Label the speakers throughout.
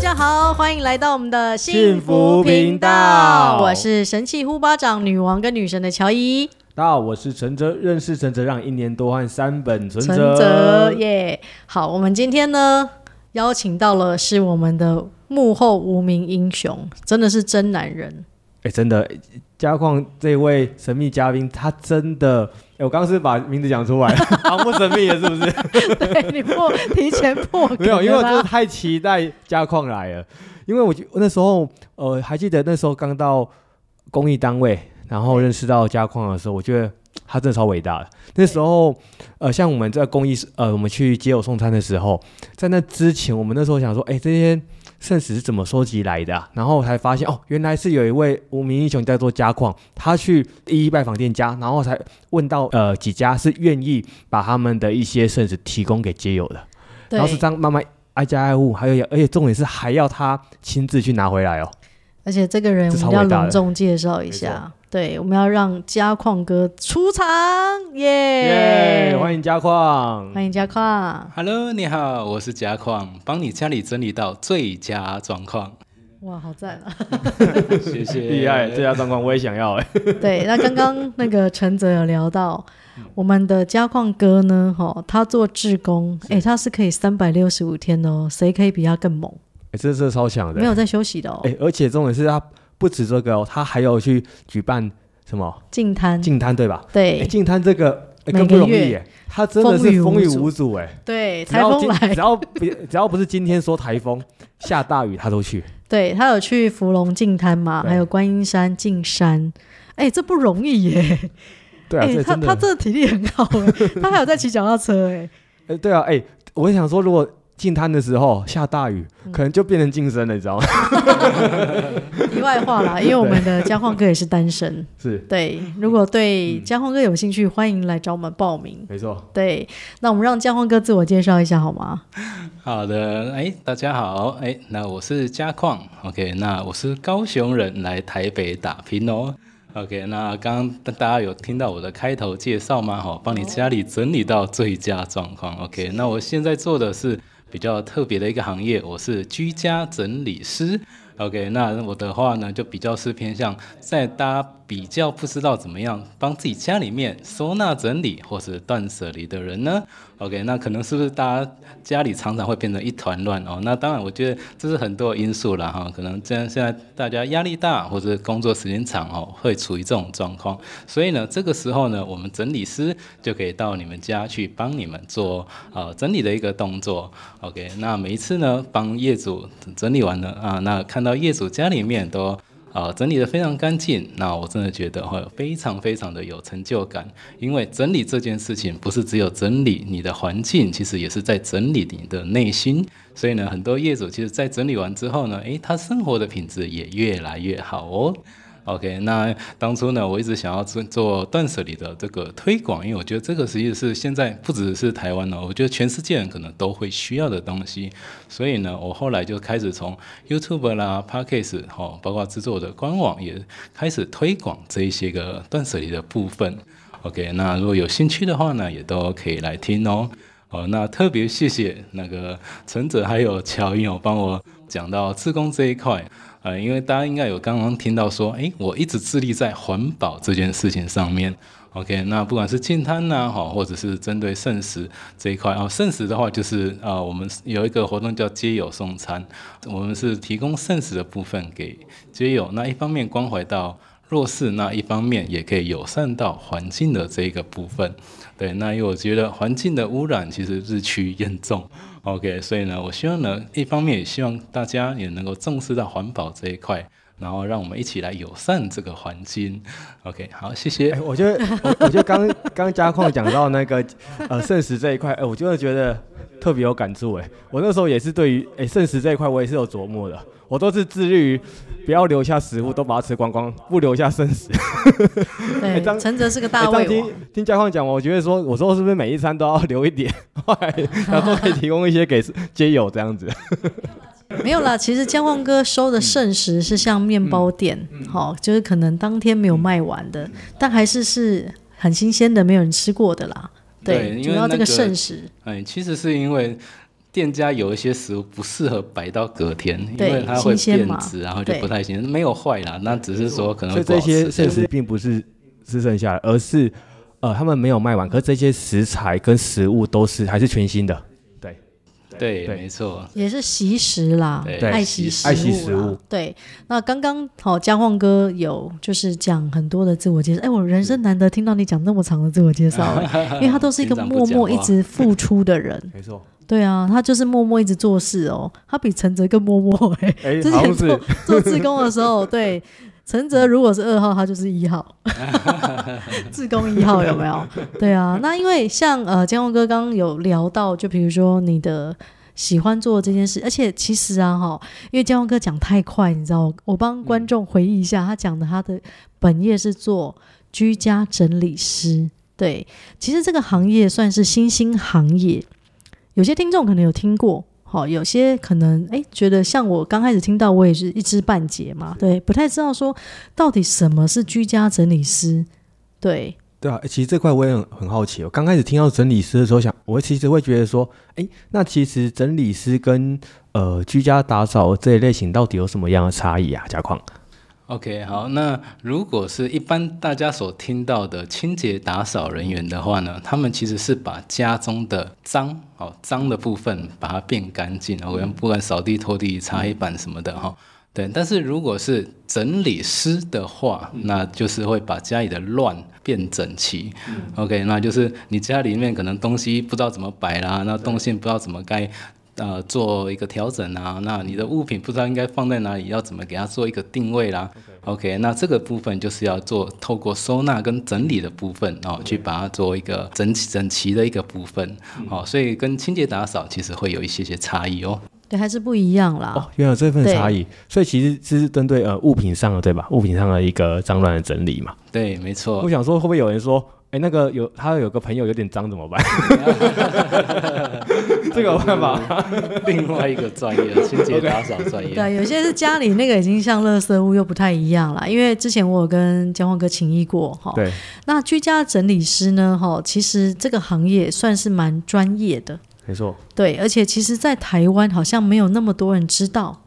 Speaker 1: 大家好，歡迎來到我們的幸福頻道。頻道，我是神奇呼巴掌女王跟女神的喬伊。
Speaker 2: 大家好，我是陳哲，認識陳哲讓一年多，換三本存摺耶
Speaker 1: ，yeah。好，我們今天呢邀請到了是我們的幕後無名英雄，真的是真男人。
Speaker 2: 欸、真的，欸、嘉況這位神秘嘉賓，他真的，欸、我剛是把名字講出來，
Speaker 1: 好不神秘了，是不是？ 對，你莫提前破，沒有，因為我太
Speaker 2: 期待嘉況來了。因為我，我那時候，呃，還記得那時候剛到公益單位，然後認識到嘉況的時候，我覺得他真的超偉大的。那時候，呃，像我們在公益，呃，我們去街友送餐的時候，在那之前，我們那時候想說，哎、欸，這些。聖食是怎麼收集來的啊？然後才發現哦，原來是有一位無名英雄在做嘉況，他去一一拜訪店家，然後才問到呃幾家是願意把他們的一些剩食提供給街友的。對，然後是這樣慢慢挨家挨戶，還有而且重點是還要他親自去拿回來哦。
Speaker 1: 而且這個人我們要隆重介紹一下。對，我們要讓嘉況哥出場，耶、yeah! yeah！歡
Speaker 2: 迎嘉況，
Speaker 1: 歡迎嘉況。
Speaker 3: Hello，你好，我是嘉況，幫你家裡整理到最佳狀
Speaker 2: 況。
Speaker 1: 哇，好讚啊！
Speaker 2: 謝謝，厲害， 最佳狀況我也想要哎。
Speaker 1: 對，那剛剛那個陳澤有聊到 我們的嘉況哥呢，哈、哦，他做志工，哎、欸，他是可以三百六十五天哦，誰可以比他更猛？
Speaker 2: 哎、欸，這是超強的，沒有在休息的哦。哎、欸，而且重點是他。不止這個哦，他還有去舉辦什麼？
Speaker 1: 淨灘，淨
Speaker 2: 灘對吧？對。淨灘、欸、這個、欸、更不容易耶、欸，他真的是風雨無阻哎、欸。對，台風來，只要不只， 只要不是今天說台風下大雨，他都
Speaker 1: 去。對，他有去芙蓉淨灘嘛？還有觀音山淨山，哎、欸，這不容易耶、欸。
Speaker 2: 對啊，欸、真的他他這
Speaker 1: 體力很好、欸、 他還有在騎腳踏車哎、欸
Speaker 2: 欸。對啊，哎、欸，我想說，如果淨灘的時候下大雨、嗯，可能就變成淨身了，你知道嗎？
Speaker 1: 外話啦，因為我們的嘉況哥也是單身，對是對。如果對嘉況哥有興趣、嗯，歡迎來找我們報名。沒錯，對。那我們讓嘉況哥自我介紹一下好嗎？
Speaker 3: 好的，哎、欸，大家好，哎、欸，那我是嘉況，OK，那我是高雄人，來台北打拼哦，OK。那剛剛大家有聽到我的開頭介紹嗎？好，幫你家裡整理到最佳狀況、哦、，OK。那我現在做的是比較特別的一個行業，我是居家整理師。OK，那我的話呢，就比較是偏向在搭。比較不知道怎麼樣幫自己家裡面收納整理，或是斷捨離的人呢？OK，那可能是不是大家家裡常常會變得一團亂哦？Oh, 那當然，我覺得這是很多因素了哈。可能這樣現在大家壓力大，或者工作時間長哦，會處於這種狀況。所以呢，這個時候呢，我們整理師就可以到你們家去幫你們做呃整理的一個動作。OK，那每一次呢，幫業主整理完了啊，那看到業主家裡面都。啊，整理得非常乾淨，那我真的覺得會非常非常的有成就感。因為整理這件事情，不是只有整理你的環境，其實也是在整理你的內心。所以呢，很多業主其實，在整理完之後呢，誒，他生活的品質也越來越好哦。OK，那當初呢，我一直想要做做斷捨離的這個推廣，因為我覺得這個實際是現在不只是台灣哦，我覺得全世界可能都會需要的東西。所以呢，我後來就開始從 YouTube 啦、Podcast 吼，包括製作的官網也開始推廣這一些個斷捨離的部分。OK，那如果有興趣的話呢，也都可以來聽哦。哦，那特別謝謝那個陳哲還有喬英哦、喔，幫我講到志工這一塊。呃，因為大家應該有剛剛聽到說，哎、欸，我一直致力在環保這件事情上面。OK，那不管是淨灘吶，哈，或者是針對剩食這一塊啊，剩、哦、食的話就是啊、呃，我們有一個活動叫“街友送餐”，我們是提供剩食的部分給街友。那一方面關懷到弱勢，那一方面也可以友善到環境的這個部分。對，那因為我覺得環境的污染其實日趨嚴重。OK，所以呢，我希望呢，一方面也希望大家也能夠重視到環保這一塊。然後讓我們一起來友善這個環境，OK，
Speaker 2: 好，謝謝。我覺得，我覺得剛 剛嘉況講到那個呃剩食這一塊，哎、欸，我就會覺得特別有感觸。哎，我那時候也是對於哎、欸、剩食這一塊，我也是有琢磨的。我都是致力於不要留下食物，都把它吃光光，不留下剩食。
Speaker 1: 對，陳、欸、哲是個大胃王、欸。
Speaker 2: 聽嘉況講，我覺得說，我說是不是每一餐都要留一點， 然後可以提供一些給街友這樣子。
Speaker 1: 沒有啦，其實江旺哥收的剩食是像麵包店，哈、嗯嗯哦，就是可能當天沒有賣完的、嗯，但還是是很新鮮的，沒有人吃過的啦。嗯、對，主要這個剩食、那
Speaker 3: 個，哎，其實是因為店家有一些食物不適合擺到隔天，對，因為它會變質，然後就不太新鮮。沒有壞啦，那只是說可能。所以這些剩食
Speaker 2: 並不是吃剩下的，而是呃，他們沒有賣完，可是這些食材跟食物都是還是全新的。對,對沒錯，
Speaker 1: 也是習食啦，愛惜愛惜食,食物。對，那剛剛好江晃哥有就是講很多的自我介紹，哎，我人生難得聽到你講那麼長的自我介紹因為他都是一個默默一直付出的人， 沒錯，對啊，他就是默默一直做事哦，他比陳澤更默默哎、欸欸，之前做做義工的時候，對。 陳澤如果是二號，他就是一號，自宮一號有沒有？ 對啊，那因為像呃，嘉況哥剛剛有聊到，就比如說你的喜歡做這件事，而且其實啊哈，因為嘉況哥講太快，你知道，我幫觀眾回憶一下，嗯、他講的他的本業是做居家整理師，對，其實這個行業算是新興行業，有些聽眾可能有聽過。好、哦，有些可能哎，覺得像我剛開始聽到，我也是一知半解嘛，對，不太知道說到底什麼是居家整理師，對，
Speaker 2: 對啊，其實這塊我也很很好奇。我剛開始聽到整理師的時候想，想我其實會覺得說，哎，那其實整理師跟呃居家打掃這一類型到底有什麼樣的差異啊？嘉況。
Speaker 3: OK，好，那如果是一般大家所聽到的清潔打掃人員的話呢，他們其實是把家中的髒，哦髒的部分，把它變乾淨，哦，不管掃地、拖地、擦黑板什麼的，哈、嗯，對。但是如果是整理師的話、嗯，那就是會把家裡的亂變整齊、嗯。OK，那就是你家裡面可能東西不知道怎麼擺啦，嗯、那動線不知道怎麼改。呃，做一個調整啊，那你的物品不知道應該放在哪裡，要怎麼給它做一個定位啦？Okay. OK，那這個部分就是要做透過收納跟整理的部分，然、哦、後、okay. 去把它做一個整整齊的一個部分、嗯。哦，所以跟清潔打掃其實會有一些些差異
Speaker 1: 哦。對，還是不一樣啦。哦，原來這份差
Speaker 2: 異，所以其實這是針對呃物品上的對吧？物品上的一個髒亂的整理嘛。對，沒錯。我想說，會不會有人說，哎、欸，那個有他有個朋友有點髒怎麼辦？
Speaker 3: 啊、這個有辦法，另外一個專業清潔打掃專業。 業 對，有
Speaker 1: 些是家裡那個已經像垃圾屋又不太一樣了，因為之前我有跟嘉況哥請益過哈。對，那居家整理師呢？哈，其實這個行業算是蠻專業的，沒錯。對，而且其實在台灣好像沒有那麼多人知道，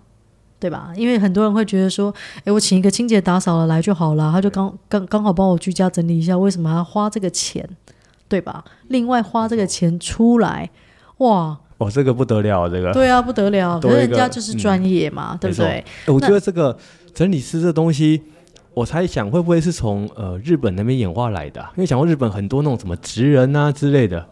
Speaker 1: 對吧？因為很多人會覺得說，哎、欸，我請一個清潔打掃的來就好了，他就剛剛剛好幫我居家整理一下，為什麼還要花這個錢？對吧？另外花這個錢出來。哇！
Speaker 2: 哦，這個不得了，這個對啊，不得了，個可是人家就是專業嘛、嗯，對不對、欸？我覺得這個整理師這東西，我猜想會不會是從呃日本那邊演化來的、啊？因為講過日本很多那種什麼職人啊之類的。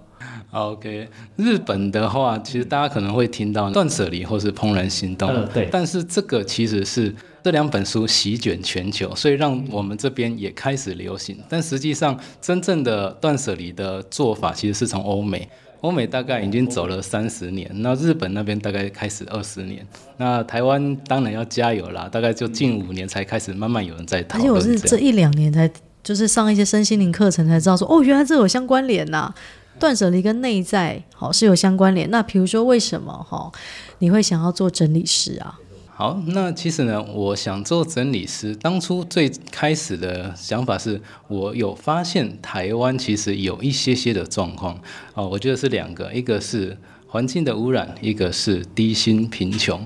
Speaker 3: OK，日本的話，其實大家可能會聽到斷捨離或是怦然心動、呃，對。但是這個其實是這兩本書席捲全球，所以讓我們這邊也開始流行。但實際上，真正的斷捨離的做法其實是從歐美。歐美大概已經走了三十年，那日本那邊大概開始二十年，那台灣當然要加油啦，大概就近五年才開始慢慢有人在討論這樣。而且我是這
Speaker 1: 一兩年才，就是上一些身心靈課程才知道說，哦，原來這有相關聯吶、啊，斷舍離跟內在好是有相關聯。那譬如說為什麼哈，你會想要做整理師啊？
Speaker 3: 好，那其實呢，我想做整理師。當初最開始的想法是我有發現台灣其實有一些些的狀況，哦、呃，我覺得是兩個，一個是環境的污染，一個是低薪貧窮。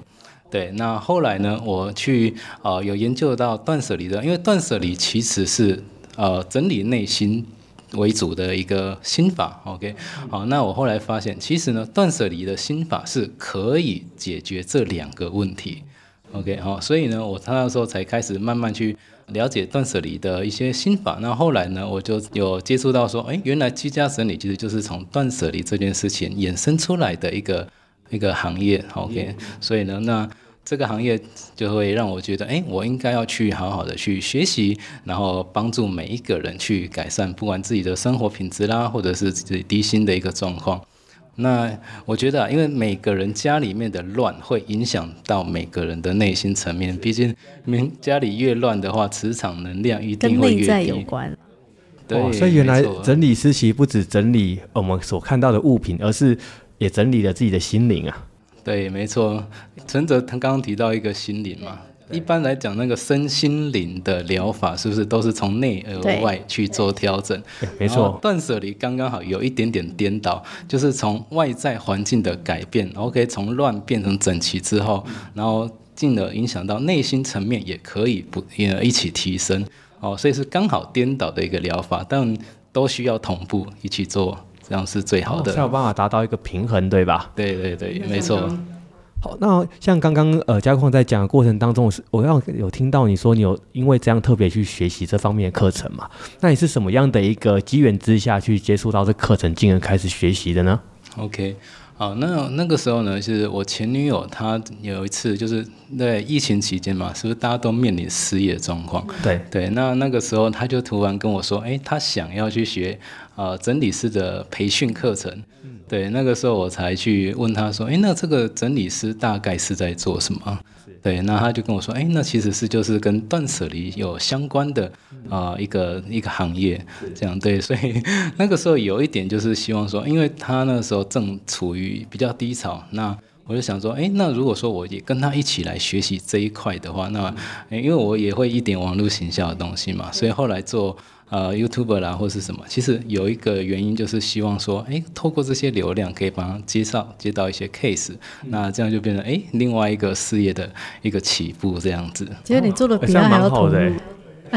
Speaker 3: 對，那後來呢，我去啊、呃、有研究到斷捨離的，因為斷捨離其實是呃整理內心為主的一個心法。OK，好，那我後來發現，其實呢，斷捨離的心法是可以解決這兩個問題。OK，好，所以呢，我那時候才開始慢慢去了解斷捨離的一些心法。那後來呢，我就有接觸到說，哎、欸，原來居家整理其實就是從斷捨離這件事情衍生出來的一個一個行業。OK，Yeah。所以呢，那這個行業就會讓我覺得，哎、欸，我應該要去好好的去學習，然後幫助每一個人去改善，不管自己的生活品質啦，或者是自己低薪的一個狀況。那我覺得啊，因為每個人家裡面的亂會影響到每個人的內心層面。畢竟你家裡越亂的話，磁場能量一定會越低。跟內在有
Speaker 1: 關。
Speaker 2: 對，所以原來整理師其不止整理我們所看到的物品，而是也整理了自己的心靈啊。
Speaker 3: 對，沒錯。陳澤他剛剛提到一個心靈嘛。嗯一般來講，那個身心靈的療法是不是都是從內而外去做調整？對，沒錯。斷捨離剛剛好有一點點顛倒，就是從外在環境的改變，然後可以從亂變成整齊之後，然後進而影響到內心層面，也可以不也一起提升。哦，所以是剛好顛倒的一個療法，但都需要同步一起做，這樣是最好的。哦，才有辦法達到一個平衡，對吧？對對對，沒錯。
Speaker 2: 好，那像剛剛呃，嘉況在講的過程當中，我是我要有聽到你說你有因為這樣特別去學習這方面的課程嘛？那你是什麼樣的一個機緣之下去接觸到這課程，進而開始學習的呢
Speaker 3: ？OK，好，那那個時候呢，是我前女友她有一次就是對疫情期間嘛，是不是大家都面臨失業狀況？對對，那那個時候她就突然跟我說，哎、欸，她想要去學。啊、呃，整理師的培訓課程，對，那個時候我才去問他說，哎、欸，那這個整理師大概是在做什麼？對，那他就跟我說，哎、欸，那其實是就是跟斷捨離有相關的啊、呃，一個一個行業，這樣對。所以那個時候有一點就是希望說，因為他那時候正處於比較低潮，那我就想說，哎、欸，那如果說我也跟他一起來學習這一塊的話，那、欸、因為我也會一點網絡行銷的東西嘛，所以後來做。呃，YouTuber 啦，或是什麼，其實有一個原因就是希望說，哎、欸，透過這些流量可以幫他介紹接到一些 case，、嗯、那這樣就變成哎、欸、另外一個事業的一個起步這樣子。其、嗯、實你做的比他還要投入，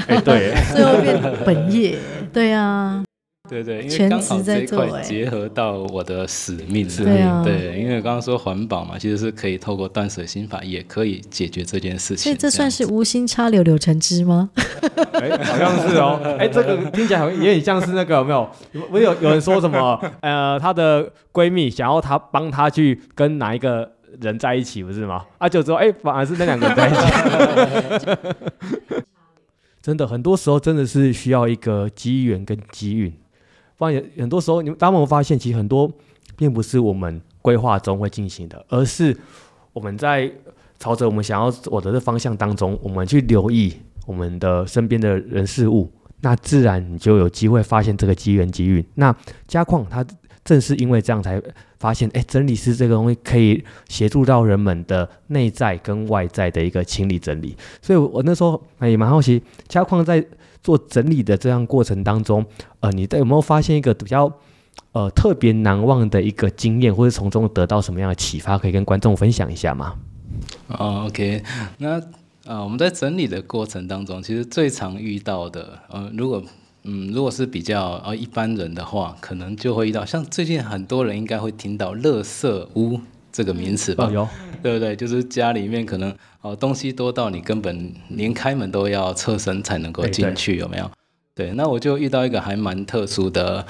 Speaker 3: 哎對、欸， 最後變本業，對啊。 對啊
Speaker 1: 對對，因為剛好這一塊結
Speaker 3: 合到我的使命是、欸對，啊、對，因為剛剛說環保嘛，其實是可以透過斷舍心法也可以解決這件
Speaker 2: 事
Speaker 1: 情。所以這算是無心插柳柳成枝嗎？
Speaker 2: 哎，好像是哦。哎， 這個聽起來好像有點像是那個有沒有，有不有有人說什麼？呃，她的閨蜜想要她幫她去跟哪一個人在一起，不是嗎？啊，就說哎，反而是那兩個人在一起。 就 真的，很多時候真的是需要一個機緣跟機運。發現很多時候，你們，當我們發現其實很多並不是我們規劃中會進行的，而是我們在朝着我們想要、我走的方向當中，我們去留意我們的身邊的人事物，那自然你就有機會發現這個機緣機遇。那嘉況他正是因為這樣才發現，哎、欸，整理師這個東西可以協助到人們的內在跟外在的一個清理整理。所以，我那時候哎也蠻好奇，嘉況在。做整理的這樣過程當中，呃，你在有沒有發現一個比較，呃，特別難忘的一個經驗，或者從中得到什麼樣的啟發，可以跟觀眾分享一下嗎？
Speaker 3: 哦、嗯、，OK，那呃，我們在整理的過程當中，其實最常遇到的，呃，如果嗯，如果是比較呃，一般人的話，可能就會遇到，像最近很多人應該會聽到《垃圾屋》。這個名詞吧，對不對？就是家裡面可能哦東西多到你根本連開門都要側身才能夠進去，有沒有？對，那我就遇到一個還蠻特殊的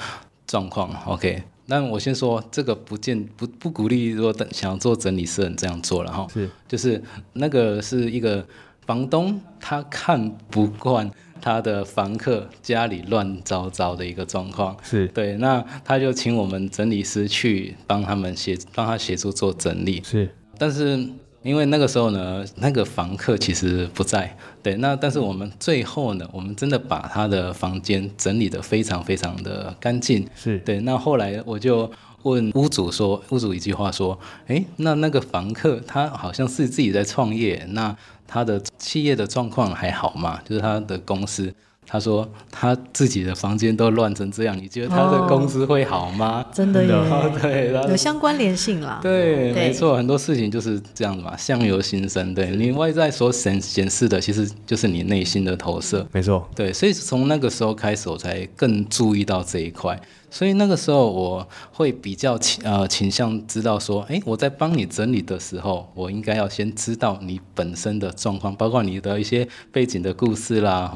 Speaker 3: 狀況，OK。那我先說這個不建不不鼓勵，如果想做整理師，這樣做了哈，是就是那個是一個房東，他看不慣。他的房客家裡亂糟糟的一個狀況，是對。那他就請我們整理師去幫他們協，幫他協助做整理。是，但是因為那個時候呢，那個房客其實不在。對，那但是我們最後呢，我們真的把他的房間整理得非常非常的乾淨。是對。那後來我就問屋主說，屋主一句話說，哎，那那個房客他好像是自己在創業。那他的企業的狀況還好嗎？就是他的公司。他說他自己的房間都亂成這樣，你覺得他的公司會好嗎？哦、真的有對有
Speaker 1: 相關聯性啦。對，對
Speaker 3: 對沒錯，很多事情就是這樣子嘛，相由心生。對，你外在所顯顯示的，其實就是你內心的投射。沒錯，對，所以從那個時候開始，我才更注意到這一塊。所以那個時候我會比較呃傾向知道說，哎、欸，我在幫你整理的時候，我應該要先知道你本身的狀況，包括你的一些背景的故事啦，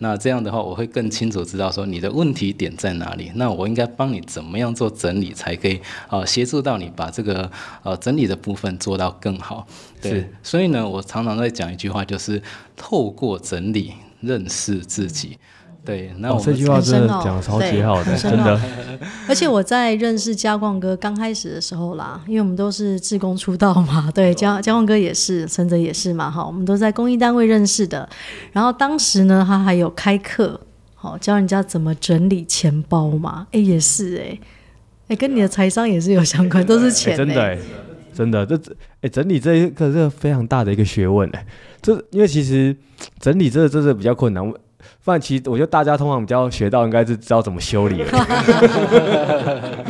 Speaker 3: 那這樣的話，我會更清楚知道說你的問題點在哪裡。那我應該幫你怎麼樣做整理，才可以啊、呃、協助到你把這個呃整理的部分做到更好。對，所以呢，我常常在講一句話，就是透過整理認識自己。嗯對，那我、哦、這句話
Speaker 1: 真的講得超級
Speaker 2: 好的，真的、哦。
Speaker 1: 哦、 而且我在認識嘉況哥剛開始的時候啦，因為我們都是志工出道嘛，對，嘉、嘉況哥也是，陳澤也是嘛，哈，我們都在公益單位認識的。然後當時呢，他還有開課，好教人家怎麼整理錢包嘛，哎，也是哎、欸，哎，跟你的財商也是有相關，都是錢、欸真欸，真的，
Speaker 2: 真的，這整哎整理這個是、這個、非常大的一個學問哎、欸，這因為其實整理這個、這是、個、比較困難。範琪，我覺得大家通常比較學到應該是知道怎麼修理了。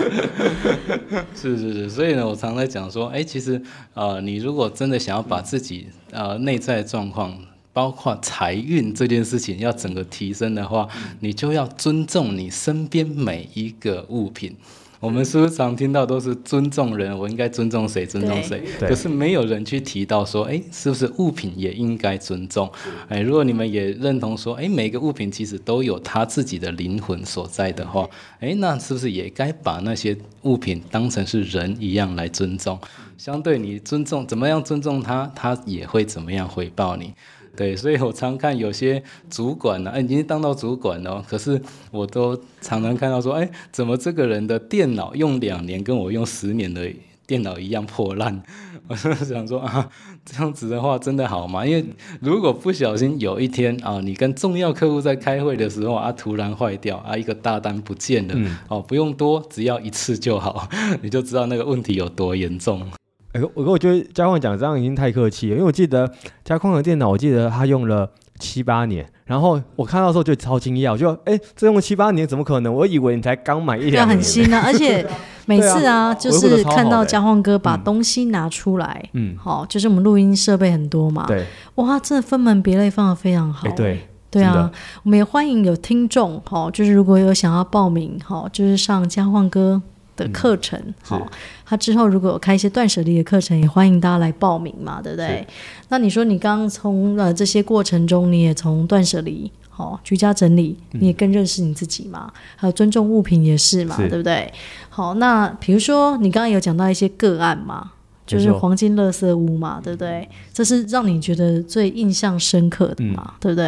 Speaker 3: 是是是，所以呢，我常在講說，哎、欸，其實，呃，你如果真的想要把自己呃內在狀況，包括財運這件事情要整個提升的話，你就要尊重你身邊每一個物品。我們是不是常聽到都是尊重人，我應該尊重誰？尊重誰？可是沒有人去提到說，哎，是不是物品也應該尊重？誒，如果你們也認同說，哎，每個物品其實都有它自己的靈魂所在的話，哎，那是不是也該把那些物品當成是人一樣來尊重？相對你尊重怎麼樣尊重它，它也會怎麼樣回報你？對，所以我常看有些主管呢、啊，你、哎、已經當到主管了，可是我都常常看到說，哎，怎麼這個人的電腦用兩年，跟我用十年的電腦一樣破爛？我就想說啊，這樣子的話真的好嗎？因為如果不小心有一天啊，你跟重要客戶在開會的時候啊，突然壞掉啊，一個大單不見了、嗯，哦，不用多，只要一次就好，你就知道那個問題有多嚴重。
Speaker 2: 哎、欸，我哥我覺得嘉況講這樣已經太客氣了，因為我記得嘉況的電腦，我記得他用了七八年，然後我看到的時候就超驚訝，我就說：‘哎、欸、這用了七八年怎麼可能？我以為你才剛買一兩年、啊。很新啊，而且每次啊，啊啊就是看到嘉
Speaker 1: 況哥把東西拿出來，啊、嗯，嗯，好，就是我們錄音設備很多嘛，對，哇，真的分門別類放得非常好、欸，對，對啊，我們也歡迎有聽眾哈，就是如果有想要報名哈，就是上嘉況哥的課程，好、嗯哦，他之後如果有開一些斷舍離的課程，也歡迎大家來報名嘛，對不對？那你說你剛剛從呃這些過程中，你也從斷舍離，好、哦，居家整理，你也更認識你自己嘛，嗯、還有尊重物品也是嘛，是對不對？好，那比如說你剛剛有講到一些個案嘛，就是黃金垃圾屋嘛，對不對，對？這是讓你覺得最印象深刻的嘛，嗯、對不對？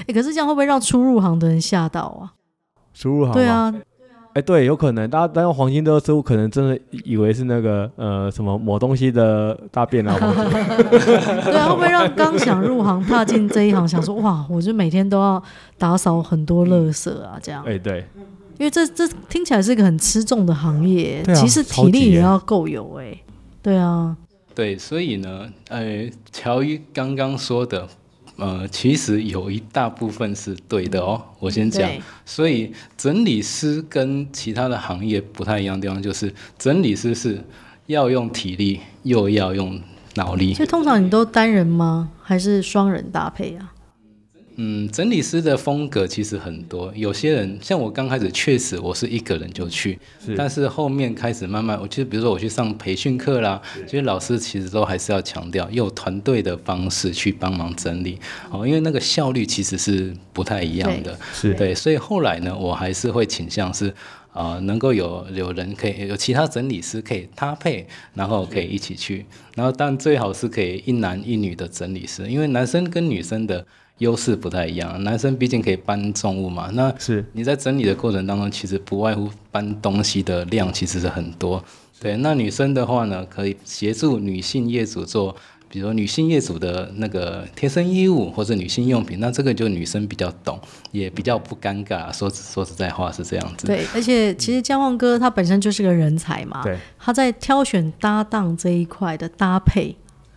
Speaker 1: 哎、欸，可是這樣會不會讓初入行的人嚇到啊？
Speaker 2: 初入行，對啊。哎，對，有可能大家當黃金的時候，可能真的以為是那個呃什麼抹東西的大便 對啊。
Speaker 3: 對，會不會讓剛想
Speaker 1: 入行、踏進這一行， 想說哇，我就每天都要打掃很多垃圾啊？這樣。哎，對，因為這這聽起來是一個很吃重的行業，嗯啊、其實體力也要夠有哎、欸。對啊。
Speaker 3: 對，所以呢，哎、呃，喬伊剛剛說的。呃，其實有一大部分是對的哦，我先講。所以整理師跟其他的行業不太一樣的地方就是，整理師是要用體力，又要用腦力。就
Speaker 1: 通常你都單人嗎？還是雙人搭配啊？
Speaker 3: 嗯，整理師的風格其實很多，有些人像我剛開始確實我是一個人就去，但是後面開始慢慢，我其實比如說我去上培訓課啦，所以老師其實都還是要強調用團隊的方式去幫忙整理哦，因為那個效率其實是不太一樣的，對，對所以後來呢，我還是會傾向是啊、呃，能夠有有人可以有其他整理師可以搭配，然後可以一起去，然後但最好是可以一男一女的整理師，因為男生跟女生的。優勢不太一樣，男生畢竟可以搬重物嘛。那是你在整理的過程當中，其實不外乎搬東西的量其實是很多。對，那女生的話呢，可以協助女性業主做，比如說女性業主的那個貼身衣物或者女性用品。那這個就女生比較懂，也比較不尷尬。說說實在話是這樣子。對，
Speaker 1: 而且其實嘉況哥他本身就是個人才嘛。對，他在挑選搭檔這一塊的搭配，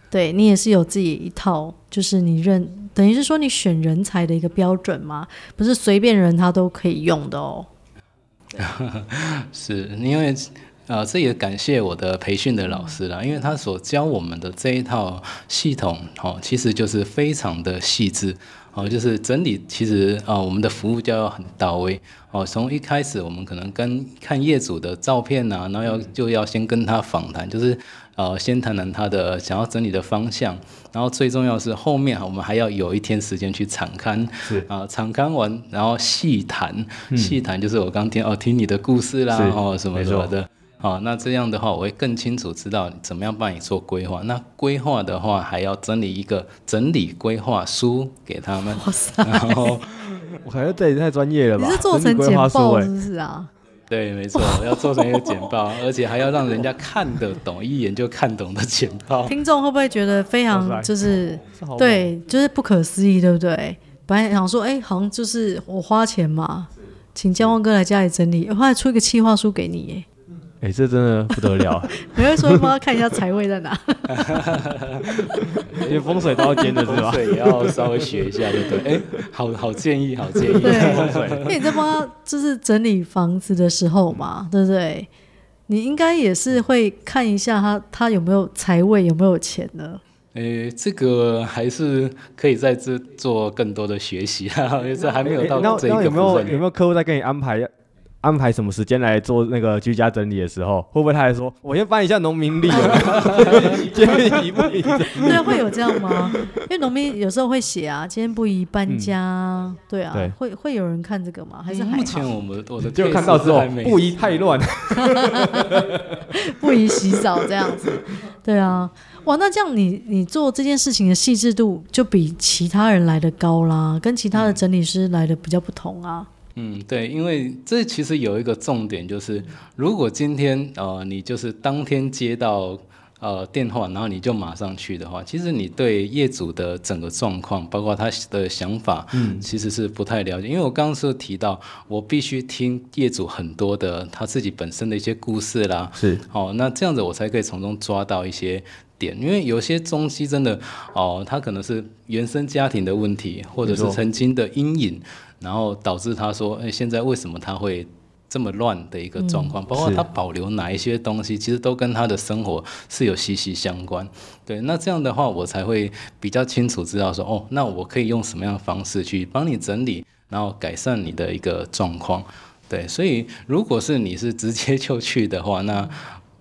Speaker 1: 對你也是有自己一套，就是你認。等於是說，你選人才的一個標準嗎？不是隨便人他都可以用的哦。
Speaker 3: 是，因為啊、呃，這也感謝我的培訓的老師啦，因為他所教我們的這一套系統，哦，其實就是非常的細致哦，就是整理其實啊、呃，我們的服務就要很到位哦。從一開始，我們可能跟看業主的照片、啊、然後要就要先跟他訪談，就是。呃，先談談他的想要整理的方向，然後最重要是後面我們還要有一天時間去場勘，是啊，場、呃、勘完然後細談、嗯，細談就是我剛聽哦，聽你的故事啦，哦什麼什麼的，好、哦，那這樣的話我會更清楚知道怎麼樣幫你做規劃。那規劃的話還要整理一個整理規劃書給他們，然後
Speaker 2: 我好像這也太專業了吧，你是
Speaker 1: 做成簡報是不是啊？
Speaker 3: 對，沒錯，要做成一個簡報， 而且還要讓人家看得懂， 一眼就看懂的簡報。聽
Speaker 1: 眾會不會覺得非常就是 對，就是不可思議，對不對？本來想說，哎、欸，好像就是我花錢嘛，請嘉況哥來家裡整理，我後來出一個企劃書給你耶。
Speaker 2: 哎、欸，這真的不得了、
Speaker 1: 啊！沒 有說幫他看一下財位在哪？
Speaker 2: 因為風水都要兼的，是吧？
Speaker 1: 也要稍微學一下對，對不對？哎，
Speaker 3: 好好建議，好建議。對， 因為你在幫他
Speaker 1: 就是整理房子的時候嘛，嗯、對不對，對？你應該也是會看一下他他有沒有財位，有沒有錢呢？
Speaker 3: 哎、欸，這個還是可以在這做更多的學習啊，這還沒有到這一個、欸欸欸欸欸、有沒有
Speaker 2: 有沒有客戶在給你安排？安排什麼時間來做那個居家整理的時候，會不會他還說：“我先翻一下農民曆今 對、啊，會有這樣嗎？
Speaker 1: 因為農民有時候會寫啊，今天不宜搬家，嗯、對啊，對會會有人看這個嗎？還是還目前我們我的是到就看到之後不宜太亂， 不宜洗澡這樣子，對啊，哇，那這樣你你做這件事情的細緻度就比其他人來的高啦，跟其他的整理師來的比較不同啊。嗯
Speaker 3: 嗯，對，因為這其實有一個重點，就是如果今天呃你就是當天接到呃電話，然後你就馬上去的話，其實你對業主的整個狀況，包括他的想法，嗯，其實是不太了解。因為我剛剛說提到，我必須聽業主很多的他自己本身的一些故事啦，是哦。那這樣子我才可以從中抓到一些點，因為有些東西真的哦，他可能是原生家庭的問題，或者是曾經的陰影。然後導致他說：“誒、哎，現在為什麼他會這麼亂的一個狀況？嗯、包括他保留哪一些東西，其實都跟他的生活是有息息相關。”對，那這樣的話，我才會比較清楚知道說：“哦，那我可以用什麼樣的方式去幫你整理，然後改善你的一個狀況。”對，所以如果是你是直接就去的話，那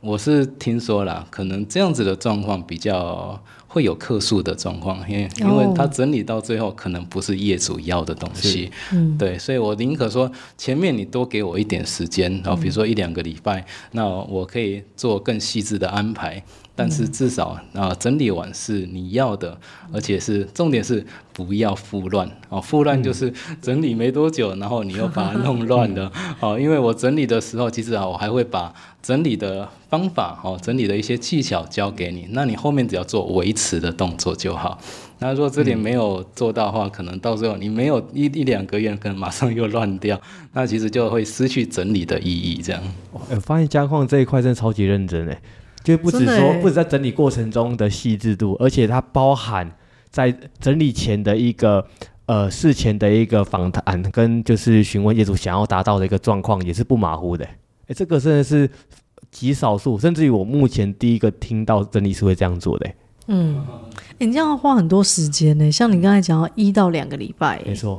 Speaker 3: 我是聽說了，可能這樣子的狀況比較。會有客訴的狀況，因為因為他整理到最後可能不是業主要的東西，oh. 對，所以我寧可說前面你多給我一點時間，然後比如說一兩個禮拜，那我可以做更細緻的安排，但是至少啊整理完是你要的，而且是重點是，不要復亂哦，復亂就是整理沒多久，嗯、然後你又把它弄亂了、 嗯、哦。因為我整理的時候，其實啊，我還會把整理的方法哦，整理的一些技巧教給你。那你後面只要做維持的動作就好。那如果這點沒有做到的話、嗯，可能到時候你沒有一一兩個月，可能馬上又亂掉。那其實就會失去整理的意義。這樣，
Speaker 2: 我、哦呃、發現嘉況這一塊真的超級認真誒，就不止說不止在整理過程中的細緻度，而且它包含。在整理前的一個，呃，事前的一個訪談跟就是詢問業主想要達到的一個狀況，也是不馬虎的、欸。誒、欸，這個真的是極少數，甚至於我目前第一個聽到整理師會這樣做的、欸。嗯、
Speaker 1: 欸，你這樣要花很多時間呢、欸。像你剛才講到一到兩個禮拜、欸，沒錯。誒、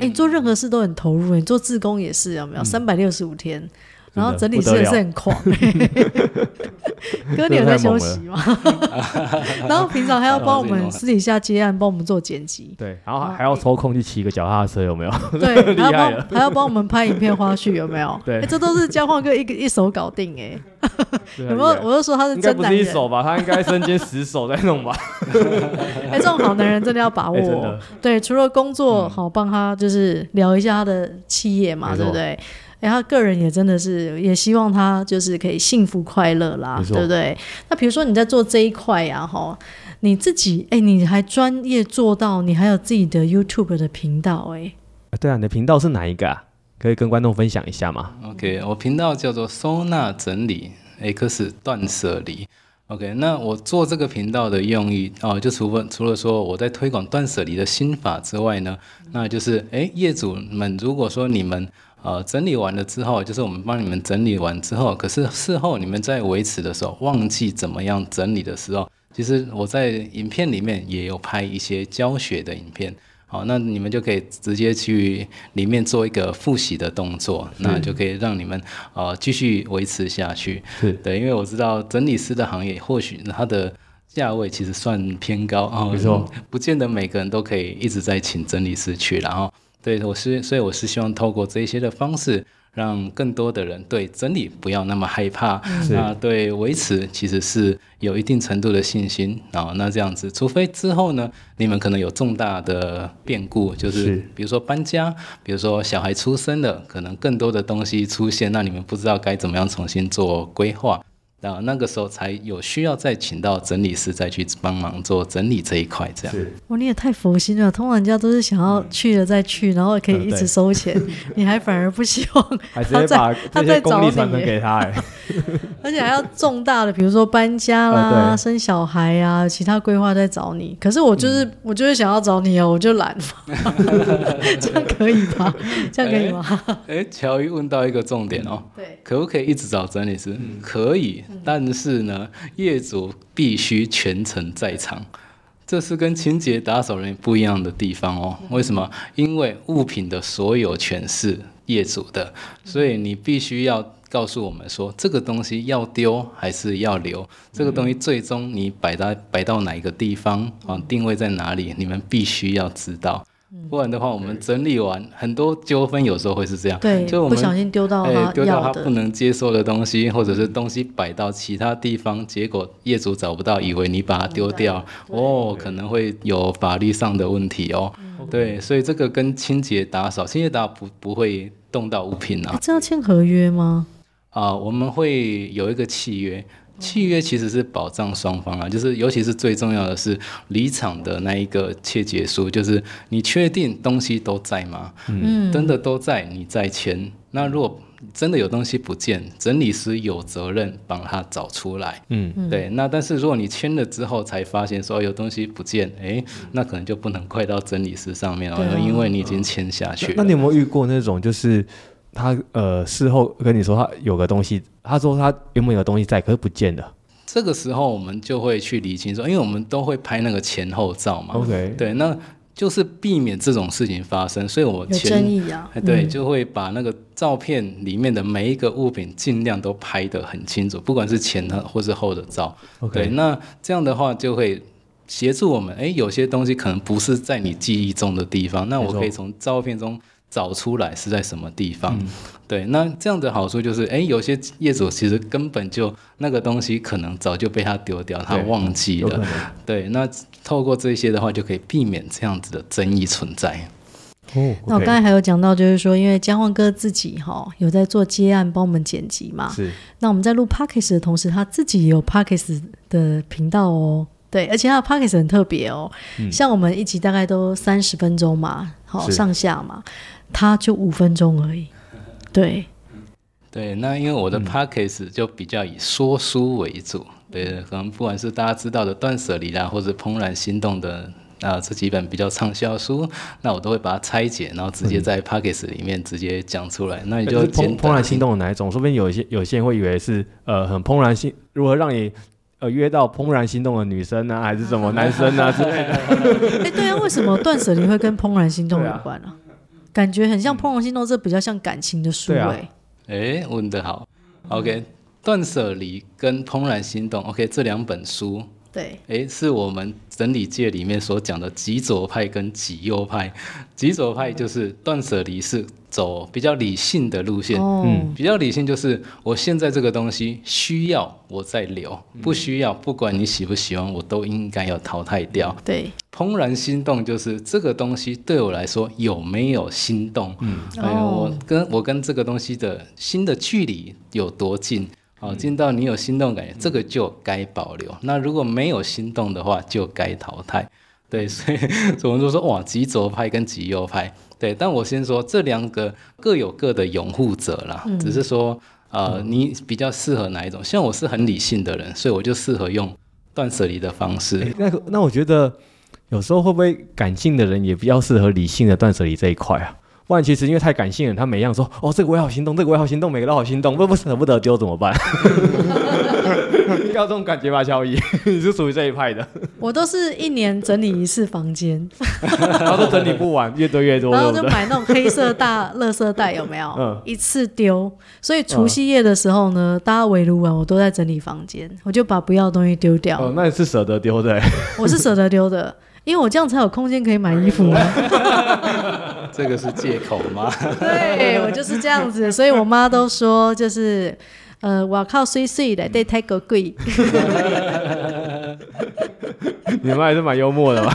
Speaker 1: 欸，你做任何事都很投入、欸，你做志工也是有沒有？三百六十五天。然後整理師也是很狂、欸，哥 你有，有在休息嗎？ 太 然後平常還要幫我們私底下接案，幫 我們做剪輯。
Speaker 2: 對，然後還要抽空去騎個腳踏車，有沒有？ 對， 還要幫幫 還要
Speaker 1: 幫我們拍影片花絮，有沒有？對、欸，這都是嘉況哥一個一手搞定哎、欸， 有沒有？我就說他是真男人不是一手吧，他應該身兼十
Speaker 2: 手在弄吧。哎
Speaker 1: 欸，這種好男人真的要把握。欸、對，除了工作，嗯、好幫他就是聊一下他的企業嘛，對不對？然、欸、後個人也真的是也希望他就是可以幸福快樂啦，對不對？那比如說你在做這一塊啊吼，你自己哎、欸，你還專業做到，你還有自己的 YouTube 的頻道哎、
Speaker 2: 欸啊？對啊，你的頻道是哪一個、啊？可以跟觀眾分享一下嗎
Speaker 3: ？OK，我頻道叫做收納整理 X 斷捨離。OK，那我做這個頻道的用意哦、啊，就除了除了說我在推廣斷捨離的心法之外呢，那就是哎、欸，業主們如果說你們。呃，整理完了之後，就是我們幫你們整理完之後，可是事後你們在維持的時候，忘記怎麼樣整理的時候，其實我在影片裡面也有拍一些教學的影片。好，那你們就可以直接去裡面做一個複習的動作，那就可以讓你們呃繼續維持下去。對，因為我知道整理師的行業，或許它的價位其實算偏高，比如說、嗯、不見得每個人都可以一直在請整理師去，然後。對，我是所以我是希望透過這些的方式，讓更多的人對整理不要那麼害怕，那對維持其實是有一定程度的信心啊、哦。那這樣子，除非之後呢，你們可能有重大的變故，就是比如說搬家，比如說小孩出生了，可能更多的東西出現，那你們不知道該怎麼樣重新做規劃。然、啊、後那個時候才有需要再請到整理師再去幫忙做整理這一塊，這樣。
Speaker 1: 哇，你也太佛心了。通常人家都是想要去了再去，嗯，然後可以一直收錢，嗯、 你還反而不希望他在他在找你，而
Speaker 2: 且
Speaker 1: 還要重大的，比如說搬家啦、嗯、生小孩呀、啊、其他規劃在找你。可是我就是、嗯、我就是想要找你哦、喔，我就懶 這樣可以吧？這樣可以嗎？哎、
Speaker 3: 欸，喬、欸、伊問到一個重點哦、喔嗯，對，可不可以一直找整理師？嗯、可以。但是呢，業主必須全程在場，這是跟清潔打掃人員不一樣的地方哦、喔。為什麼？因為物品的所有權是業主的，所以你必須要告訴我們說，這個東西要丟還是要留？這個東西最終你擺到擺到哪一個地方啊？定位在哪裡？你們必須要知道。不然的話，我們整理完、嗯、很多糾紛，有時候會是這樣。對，所以我們不小心
Speaker 1: 丟到他，丟到他不能
Speaker 3: 接受的東西、嗯，或者是東西擺到其他地方，結果業主找不到，以為你把它丟掉，嗯、哦，可能會有法律上的問題哦。對、對、對。對，所以這個跟清潔打掃，清潔打掃不不會動到物品啊。這
Speaker 1: 要簽合約嗎？啊、
Speaker 3: 呃，我們會有一個契約。契約其實是保障雙方啊，就是尤其是最重要的是離場的那一個切結書，就是你確定東西都在嗎？嗯，真的都在，你再簽。那如果真的有東西不見，整理師有責任幫他找出來。嗯，對。那但是如果你簽了之後才發現說有東西不見，哎、欸，那可能就不能怪到整理師上面了，因為你已經簽下去了、哦那。那
Speaker 2: 你有沒有遇過那種就是？他呃，事後跟你說，他有個東西，他說他原本有個東西在，可是不見了。
Speaker 3: 這個時候我們就會去理清楚，因為我們都會拍那個前後照嘛，OK？對，那就是避免這種事情發生。所以，我前、有爭議啊、對、嗯，就會把那個照片裡面的每一個物品盡量都拍得很清楚，不管是前的或是後的照、okay. 對，那這樣的話就會協助我們，哎、欸，有些東西可能不是在你記憶中的地方，那我可以從照片中。找出來是在什麼地方、嗯，對，那這樣的好處就是，哎、欸，有些業主其實根本就那個東西可能早就被他丟掉、嗯，他忘記了對對對對，對，那透過這些的話，就可以避免這樣子的爭議存在。哦
Speaker 1: ，okay、那我剛才還有講到，就是說，因為嘉況哥自己哈有在做接案幫我們剪輯嘛，是，那我們在錄 podcast 的同時，他自己也有 podcast 的頻道哦，對，而且他的 podcast 很特別哦、嗯，像我們一集大概都三十分鐘嘛，好上下嘛。他就五分鐘而已，對，
Speaker 3: 對，那因為我的 podcast、嗯、就比較以說書為主，對，可能不管是大家知道的《斷捨離》啦，或者《怦然心動》的啊這幾本比較暢銷書，那我都會把它拆解，然後直接在 podcast 裡面直接講出來。那你就怦、嗯欸就是、《怦然心
Speaker 2: 動》的哪一種？說不定有些有些人會以為是呃很怦然心，如何讓你呃約到怦然心動的女生啊，還是什麼男生啊？啊對啊，哎、啊啊 欸，對啊，為什
Speaker 1: 麼《斷捨離》會跟《怦然心動》有關呢、啊？感覺很像《怦然心動》，這比較像感情的書，欸。對啊，哎，
Speaker 3: 欸，問得好。OK，嗯，《斷捨離》跟《怦然心動》，OK 這兩本書。對，哎、欸，是我們整理界裡面所講的極左派跟極右派。極左派就是斷捨離，是走比較理性的路線、哦。嗯，比較理性就是我現在這個東西需要我再留，不需要，不管你喜不喜歡，我都應該要淘汰掉、嗯。對，怦然心動就是這個東西對我來說有沒有心動？嗯，哎、我跟我跟這個東西的心的距離有多近？好、哦，進到你有心動感覺、嗯，這個就該保留、嗯。那如果沒有心動的話，就該淘汰。對，所以，所以我們說哇，極左派跟極右派。對，但我先說這兩個各有各的擁護者啦、嗯。只是說，呃，嗯、你比較適合哪一種？像我是很理性的人，所以我就
Speaker 2: 適合用斷捨離的方式。欸、那那我覺得，有時候會不會感性的人也比較適合理性的斷捨離這一塊啊？不然其實因為太感性了，他每樣說：“哦，這個我也好心動，這個我也好心動，每個人都好心動，不不捨不得丟怎麼辦？” 要這種感覺吧，小姨，你是屬於這一派的。
Speaker 1: 我都是一年整理一次房間 然後都
Speaker 2: 整理不完， 越堆越多。 然後就買那
Speaker 1: 種黑色大垃圾袋，有沒有？嗯， 一次丟。所以除夕夜的時候呢， 大家圍爐完，我都在整理房間，我就把不要的東西丟掉。 哦，那你
Speaker 2: 是捨得丟的。對
Speaker 1: 我是捨得丟的。因為我這樣才有空間可以買衣服。
Speaker 2: 這個是借口嗎？
Speaker 1: 對，我就是這樣子，所以我媽都說就是，呃，我靠，碎碎的對泰國貴。
Speaker 2: 你們還是蠻幽默的嘛。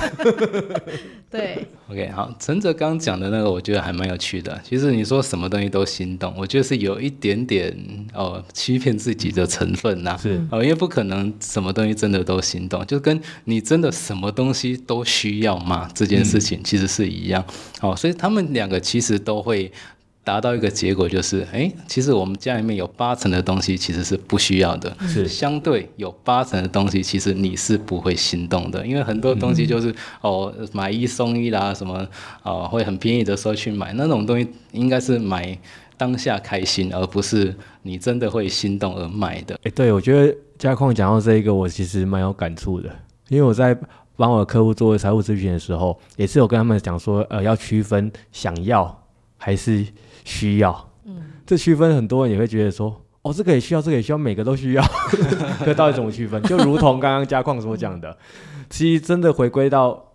Speaker 1: 對
Speaker 3: ，OK，好，陳哲剛講的那個，我覺得還蠻有趣的。其實你說什麼東西都心動，我覺得是有一點點哦、呃，欺騙自己的成分吶、啊。是，哦、呃，因為不可能什麼東西真的都心動，就跟你真的什麼東西都需要嘛，這件事情其實是一樣。嗯、哦，所以他們兩個其實都會。達到一個結果就是，哎、欸，其實我們家裡面有八成的東西其實是不需要的，是相對有八成的東西，其實你是不會心動的，因為很多東西就是、嗯、哦，買一送一啦，什麼啊、哦、會很便宜的時候去買那種東西，應該是買當下開心，而不是你真的會心動而買
Speaker 2: 的。哎、欸，對，我覺得嘉況講到這一個，我其實蠻有感觸的，因為我在幫我的客戶做財務諮詢的時候，也是有跟他們講說，呃，要區分想要還是。需要、嗯，這區分很多人也會覺得說，哦，這個也需要，這個也需要，每個都需要，這 到底怎麼區分？就如同剛剛嘉況所講的， 其實真的回歸到。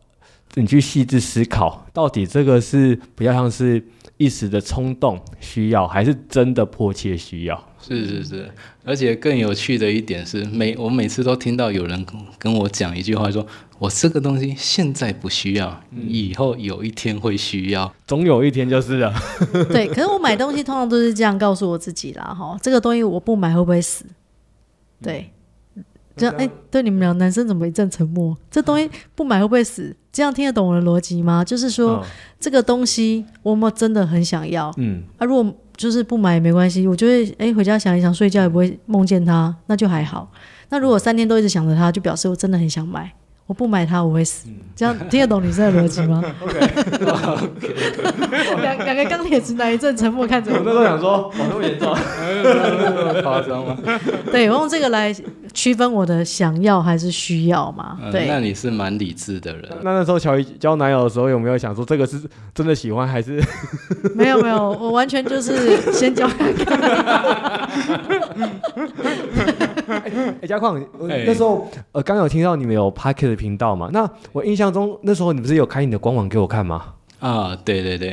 Speaker 2: 你去細緻思考，到底這個是不要像是一時的衝動需要，還是真的迫切需要？
Speaker 3: 是是是，而且更有趣的一點是，每我每次都聽到有人跟我講一句話說，說我這個東西現在不需要、嗯，以
Speaker 2: 後有一天會需要，總有一天就是了。 對，可是
Speaker 1: 我買東西通常都是這樣告訴我自己啦，哈，這個東西我不買會不會死？對，嗯、就哎、欸，對你們倆男生怎麼一陣沉默、嗯？這東西不買會不會死？這樣聽得懂我的邏輯嗎？就是說，哦、這個東西我們真的很想要。嗯，啊，如果就是不買也沒關係，我就會哎、欸、回家想一想，睡覺也不會夢見它，那就還好。那如果三天都一直想着它，就表示我真的很想買。我不買它，我會死、嗯。這樣聽得懂女生的邏輯嗎 ？OK OK, okay。兩、okay, okay, okay. 兩個鋼鐵直男一陣沉默看着我。我 那時候想
Speaker 2: 說，那麼嚴重？這 麼誇張嗎？
Speaker 1: 對我用這個來區分我的想要還是需要嘛、嗯？
Speaker 2: 對，那
Speaker 3: 你是蠻理智的人。
Speaker 2: 那那時候喬伊交男友的時候有沒有想說這個是真的喜歡還是 ？
Speaker 1: 沒有沒有，我完全就是先交看看。 哎、 欸，嘉、欸、況，
Speaker 2: 那時候呃，剛有聽到你們有 Podcast 頻道嘛？那我印象中那時候你不是有開你的官網給我看嗎？
Speaker 3: 啊，對對對，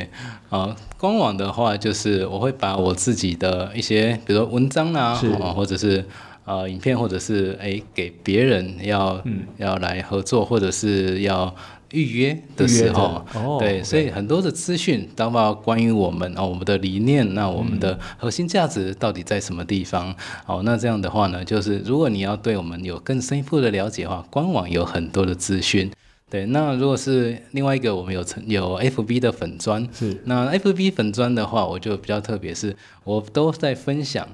Speaker 3: 啊、呃，官網的話就是我會把我自己的一些，比如說文章啊，是哦、或者是呃，影片，或者是哎、欸，給別人要、嗯、要來合作，或者是要。預約的時候，對，oh, okay. 對，所以很多的資訊，包括關於我們啊、哦，我們的理念，那我們的核心價值到底在什麼地方？嗯、好，那這樣的話呢，就是如果你要對我們有更深入的了解的話，官網有很多的資訊。對，那如果是另外一個，我們有成有 F B 的粉專，是那 F B 粉專的話，我就比較特別，是我都在分享。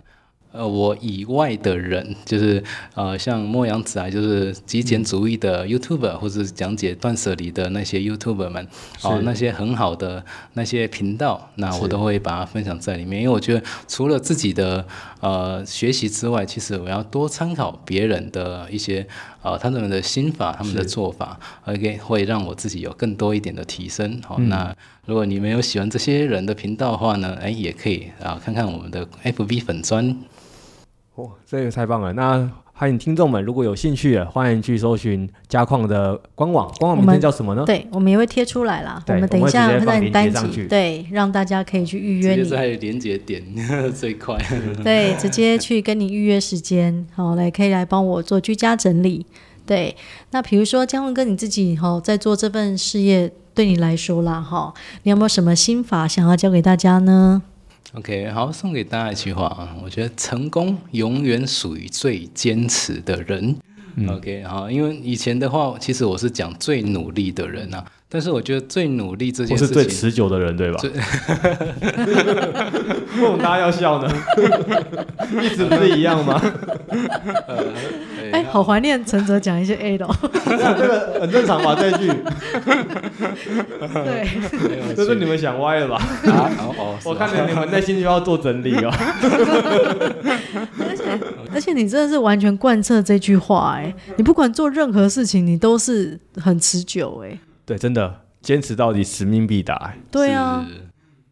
Speaker 3: 呃，我以外的人，就是呃，像末羊子啊，就是極簡主義的 YouTuber，、嗯、或者是講解斷舍離的那些 YouTuber 們，哦，那些很好的那些頻道，那我都會把它分享在裡面，因為我覺得除了自己的呃學習之外，其實我要多參考別人的一些呃，他們的心法，他們的做法，OK，會讓我自己有更多一點的提升。好、哦嗯，那如果你沒有喜歡這些人的頻道的話呢，哎，也可以啊、呃，看看
Speaker 2: 我們的 FB 粉專。哦、這個太棒了！那歡迎聽眾們，如果有興趣的，歡迎去搜尋嘉況的官網，官網名稱叫什麼呢？對
Speaker 1: 我們也會貼出來啦。我們等一下會在你單裡，對，讓大家可以去預約一下。是還
Speaker 3: 有連接點呵呵最快。 對，直接
Speaker 1: 去跟你預約時間。好，來可以來幫我做居家整理。對，那比如說江文哥你自己哈、哦、在做這份事業，對你來說啦哈、哦，你有沒有什麼心法想要教給大家呢？
Speaker 3: OK，好，送給大家一句話啊，我覺得成功永遠屬於最堅持的人。嗯。OK，好，因為以前的話，其實我是講最努力的人啊，但是我覺得最努力這件事情是最持久的人，對吧？哈 為什麼大家要
Speaker 2: 笑呢？ 一直不是一樣嗎？
Speaker 1: 呃哎、欸，好懷念陳哲講一些 A 咯、哦。 這
Speaker 2: 個很正常吧，這句。對 這是你們想歪了吧？啊，好，我看着你們內心就要做整理哦。 而
Speaker 1: 且而且，你真的是完全貫徹這句話哎、欸，你不管做任何事情，你都是很持久哎、欸。
Speaker 2: 對，真的堅持到底，使命必達哎。對啊。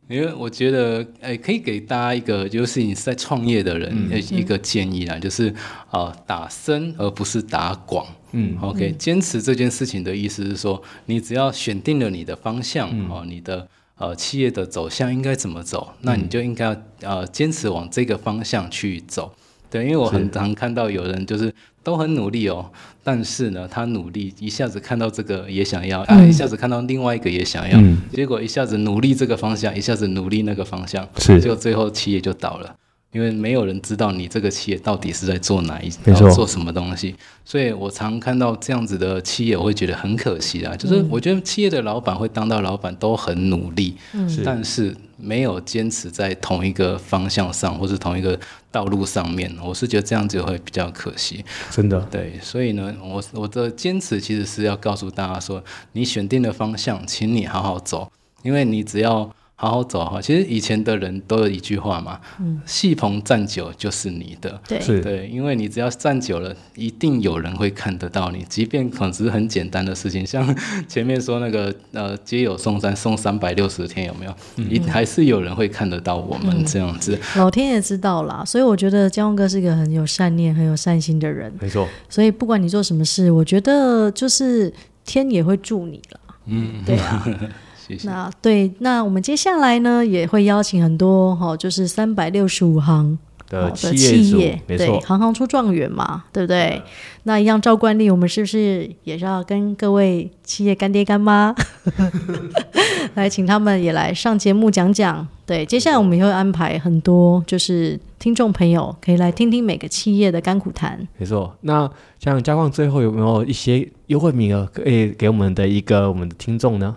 Speaker 2: 因為我覺得，哎、欸，可以給大家一個，
Speaker 3: 就是你是在創業的人，嗯、一個建議啦，嗯、就是，啊、呃，打深而不是打廣。
Speaker 2: 嗯，OK，嗯，
Speaker 3: 堅持這件事情的意思是說，你只要選定了你的方向，嗯、哦，你的呃企業的走向應該怎麼走，嗯、那你就應該要呃堅持往這個方向去走。對，因為我很常看到有人就是都很努力哦，是，但是呢，他努力一下子看到這個也想要，他一下子看到另外一個也想要，嗯，結果一下子努力這個方向，一下子努力那個方向，就最後企業就倒了。因為沒有人知道你這個企業到底是在做哪一、做什麼東西，所以我常看到這樣子的企業，我會覺得很可惜啊、嗯。就是我覺得企業的老闆會當到老闆都很努力、嗯，但是沒有堅持在同一個方向上，或是同一個道路上面，我是覺得這樣子會比較可惜。真的，對，所以呢，我我的堅持其實是要告訴大家說，你選定的方向，請你好好走，因為你只要。好好走哈，其實以前的人都有一句話嘛，嗯，戲棚站久就是你的，對，對，因為你只要站久了，一定有人會看得到你，即便可能只是很簡單的事情，像前面說那個呃，街友送三送三百六十天，有沒有？你、嗯、還是有人會看得到我們、嗯、這樣子、
Speaker 1: 嗯，老天也知道啦，所以我覺得江哥是一個很有善念、很有善心的人，沒錯。所以不管你做什麼事，我覺得就是天也會助你了，嗯，對啊。 那對，那我們接下來呢也會邀請很多哈、哦，就是三百六十五行
Speaker 2: 的企業、哦、的企業，沒錯，
Speaker 1: 行行出狀元嘛，對不對？嗯、那一樣照慣例，我們是不是也是要跟各位企業乾爹乾媽 來請他們也來上節目講講？對，接下來我們也會安排很多，就是聽眾朋友可以來聽聽每個企業的甘苦談。
Speaker 2: 沒錯，那像嘉況最後有沒有一些優惠名額可以給我們的一個我們的聽眾呢？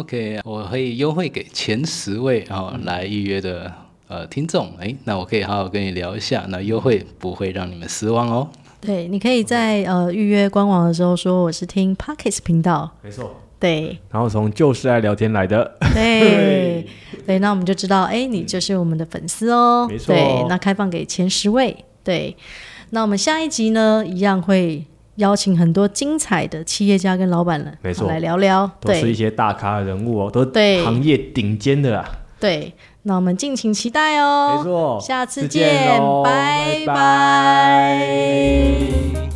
Speaker 3: OK，我可以優惠給前十位哦來預約的、嗯、呃聽眾，哎，那我可以好好跟你聊一下，那優惠不會讓你們失望哦。
Speaker 1: 對，你可以在呃預約官網的時候說我是聽 Podcast 頻道，沒錯。對，
Speaker 2: 然後從就是愛聊天來的。對，
Speaker 1: 對，對，那我們就知道，哎，你就是我們的粉絲哦。沒錯、哦。對，那開放給前十位。對，那我們下一集呢，一樣會。邀請很多精彩的企業家跟老闆了，沒錯，來聊聊，都是一
Speaker 2: 些大咖的人物哦，對，都是行業頂尖的啦、啊。
Speaker 1: 對，那我們敬請期待哦，沒錯，下次見，見拜
Speaker 2: 拜。拜拜。